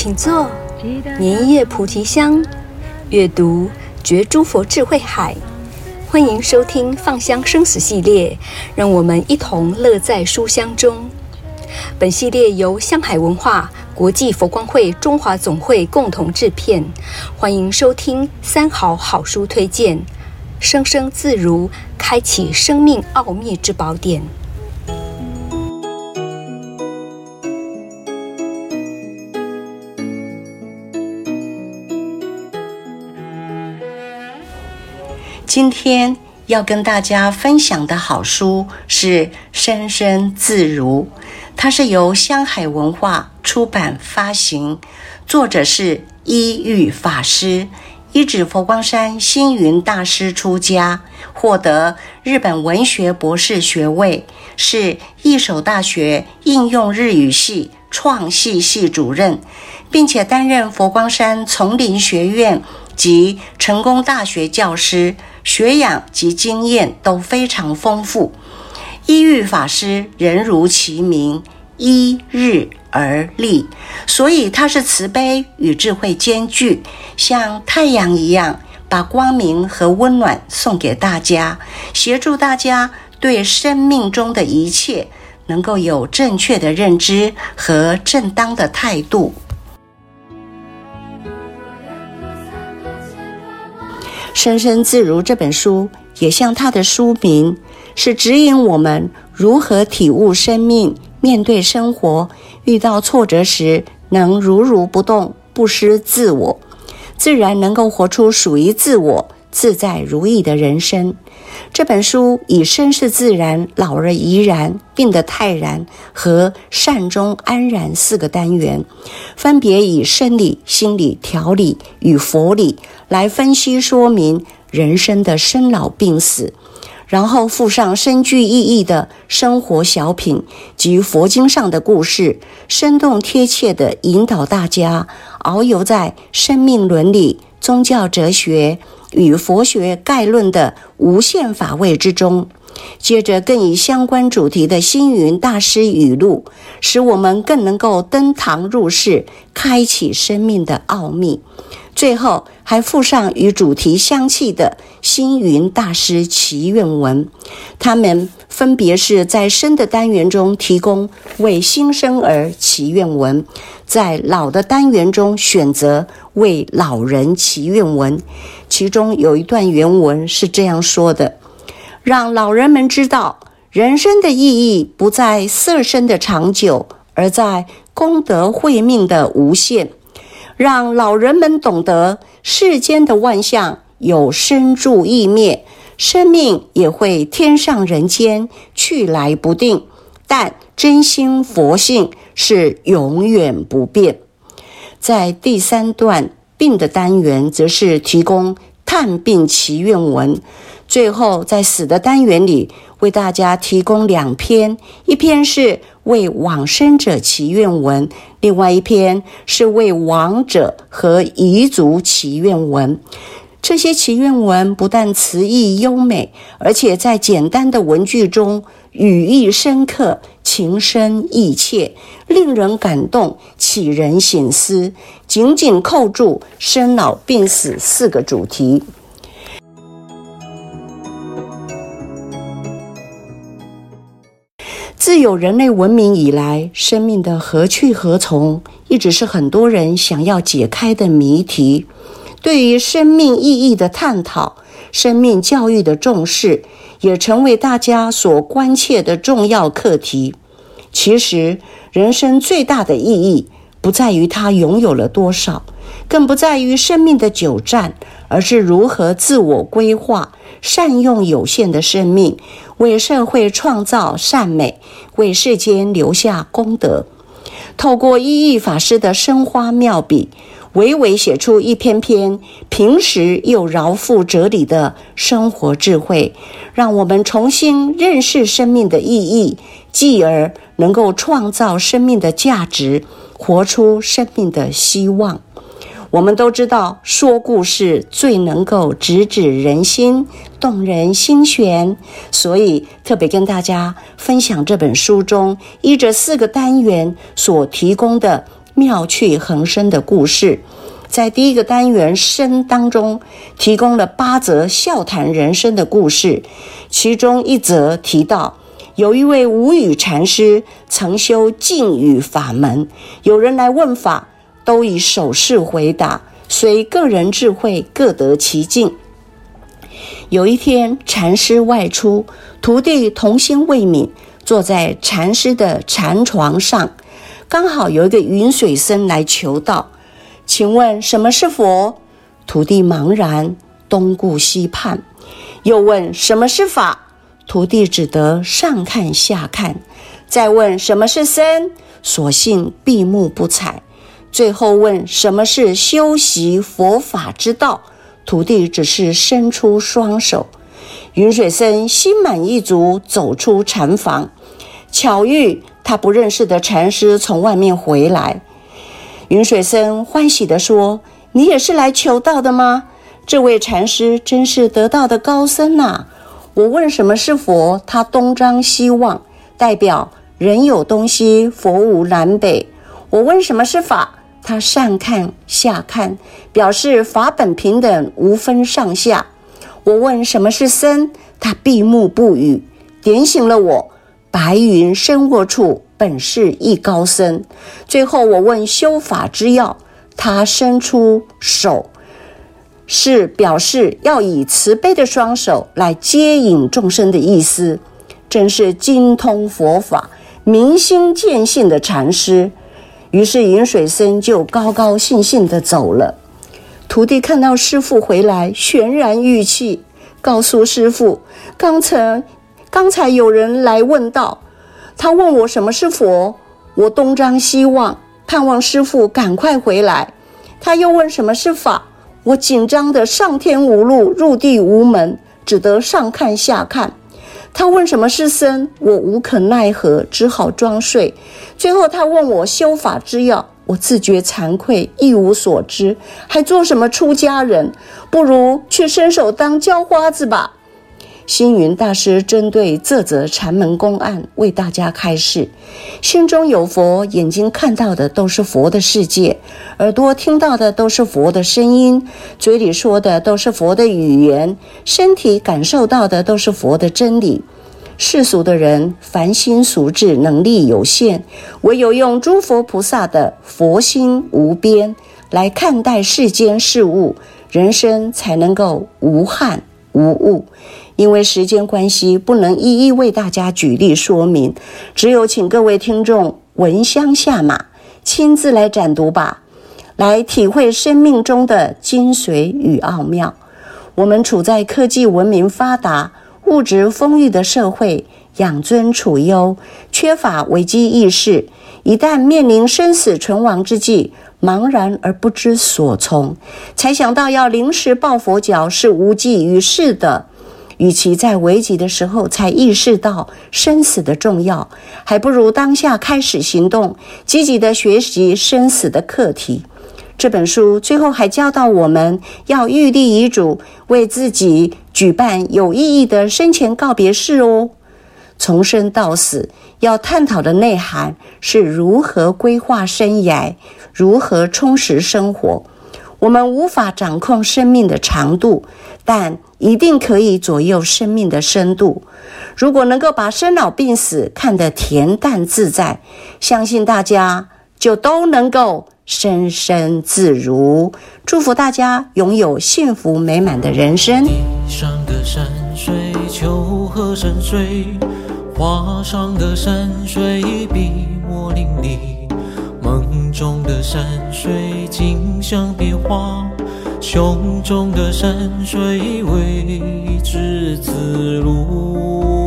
請坐。蓮葉菩提香，閱讀覺諸佛智慧海。歡迎收聽《放香生死》系列，讓我們一同樂在書香中。本系列由香海文化國際佛光會中華總會共同制片。歡迎收聽三好好書推薦，《生生自如》開啟生命奧祕之寶典。今天要跟大家分享的好書是《生生自如》，它是由香海文化出版發行，作者是依昱法師，依止佛光山星雲大師出家，獲得日本文學博士學位，是義守大學應用日語系創系系主任，並且擔任佛光山叢林學院及成功大學教師。學養及經驗都非常豐富。依昱法師，人如其名，依日而立，所以他是慈悲與智慧兼具，像太陽一樣，把光明和溫暖送給大家，協助大家對生命中的一切能夠有正確的認知和正當的態度。《生生自如》這本書，也像它的書名，是指引我們如何體悟生命，面對生活，遇到挫折時能如如不動，不失自我，自然能夠活出屬於自我。自在如意的人生。這本書以生是自然、老而怡然，病得泰然和善終安然四個單元，分別以生理、心理、調理與佛理來分析說明人生的生老病死，然後附上深具意義的生活小品及佛經上的故事，生動貼切地引導大家遨遊在生命倫理、宗教哲學。與佛學概論的無限法味之中，接着更以相關主題的星雲大師語錄，使我們更能夠登堂入室，開啟生命的奧秘。最後還附上與主題相契的星雲大師祈願文，他們分別是在生的單元中提供為新生兒祈願文，在老的單元中選擇為老人祈願文。其中有一段原文是這樣說的：“讓老人們知道，人生的意義不在色身的長久，而在功德慧命的無限；讓老人們懂得世間的萬象有生住異滅，生命也會天上人間去來不定，但真心佛性是永遠不變。”在第三段病的單元，則是提供。探病祈願文，最後在死的單元裡為大家提供兩篇，一篇是為往生者祈願文，另外一篇是為亡者和遺族祈願文。這些祈願文不但詞義優美，而且在簡單的文句中。語意深刻，情深意切，令人感動，啟人省思，緊緊扣住生老病死四個主題。自有人類文明以來，生命的何去何從，一直是很多人想要解開的謎題。對於生命意義的探討。生命教育的重視，也成為大家所關切的重要課題。其實，人生最大的意義，不在於他擁有了多少，更不在於生命的久暫，而是如何自我規劃，善用有限的生命，為社會創造善美，為世間留下功德。透過一意法師的生花妙筆。娓娓寫出一篇篇平實又饒富哲理的生活智慧，讓我們重新認識生命的意義，繼而能夠創造生命的價值，活出生命的希望。我們都知道，說故事最能夠直指人心，動人心弦。所以，特別跟大家分享這本書中一至四個單元所提供的。妙趣橫生的故事，在第一個單元“生”當中提供了八則笑談人生的故事，其中一則提到，有一位無語禪師曾修禁語法門，有人來問法，都以手勢回答，隨個人智慧各得其境。有一天，禪師外出，徒弟童心未泯，坐在禪師的禪床上。剛好有一個雲水僧來求道，請問什麼是佛？徒弟茫然東顧西盼。又問什麼是法？徒弟只得上看下看。再問什麼是僧？索性閉目不睬。最後問什麼是修習佛法之道？徒弟只是伸出雙手。雲水僧心滿意足走出禪房，巧遇，他不認識的禪師從外面回來，雲水僧歡喜地說：“你也是來求道的嗎？”這位禪師真是得道的高僧吶、啊！我問什麼是佛，他東張西望，代表人有東西，佛無南北；我問什麼是法，他上看下看，表示法本平等，無分上下；我問什麼是僧，他閉目不語，點醒了我。白雲深臥處，本是一高僧。最後我問修法之要，他伸出手，是表示要以慈悲的雙手來接引眾生的意思。真是精通佛法、明心見性的禪師。於是雲水僧就高高興興地走了。徒弟看到師父回來，泫然欲泣，告訴師父，剛才。剛才有人來問道，他問我什麼是佛，我東張西望，盼望師父趕快回來。他又問什麼是法，我緊張得上天無路，入地無門，只得上看下看。他問什麼是僧，我無可奈何，只好裝睡。最後他問我修法之要，我自覺慚愧，一無所知，還做什麼出家人？不如去伸手當叫花子吧。星雲大師針對這則禪門公案為大家開示：心中有佛，眼睛看到的都是佛的世界，耳朵聽到的都是佛的聲音，嘴裡說的都是佛的語言，身體感受到的都是佛的真理。世俗的人凡心俗智能力有限，唯有用諸佛菩薩的佛心無邊來看待世間事物，人生才能夠無憾無悟。因為時間關係，不能一一為大家舉例說明，只有請各位聽眾聞香下馬，親自來展讀吧，來體會生命中的精髓與奧妙。我們處在科技文明發達、物質豐裕的社會，養尊處優，缺乏危機意識，一旦面臨生死存亡之際，茫然而不知所從，才想到要臨時抱佛腳，是無濟於事的。與其在危急的時候才意識到生死的重要，還不如當下開始行動，積極的學習生死的課題。這本書最後還教導我們要預立遺囑，為自己舉辦有意義的生前告別式哦。從生到死要探討的內涵是如何規劃生涯，如何充實生活。我們無法掌控生命的長度，但一定可以左右生命的深度。如果能夠把生老病死看得恬淡自在，相信大家就都能夠生生自如。祝福大家擁有幸福美滿的人生。地上的山水丘壑深邃，畫上的山水筆墨淋漓，夢中的山水景象變幻胸中的山水，未知此路。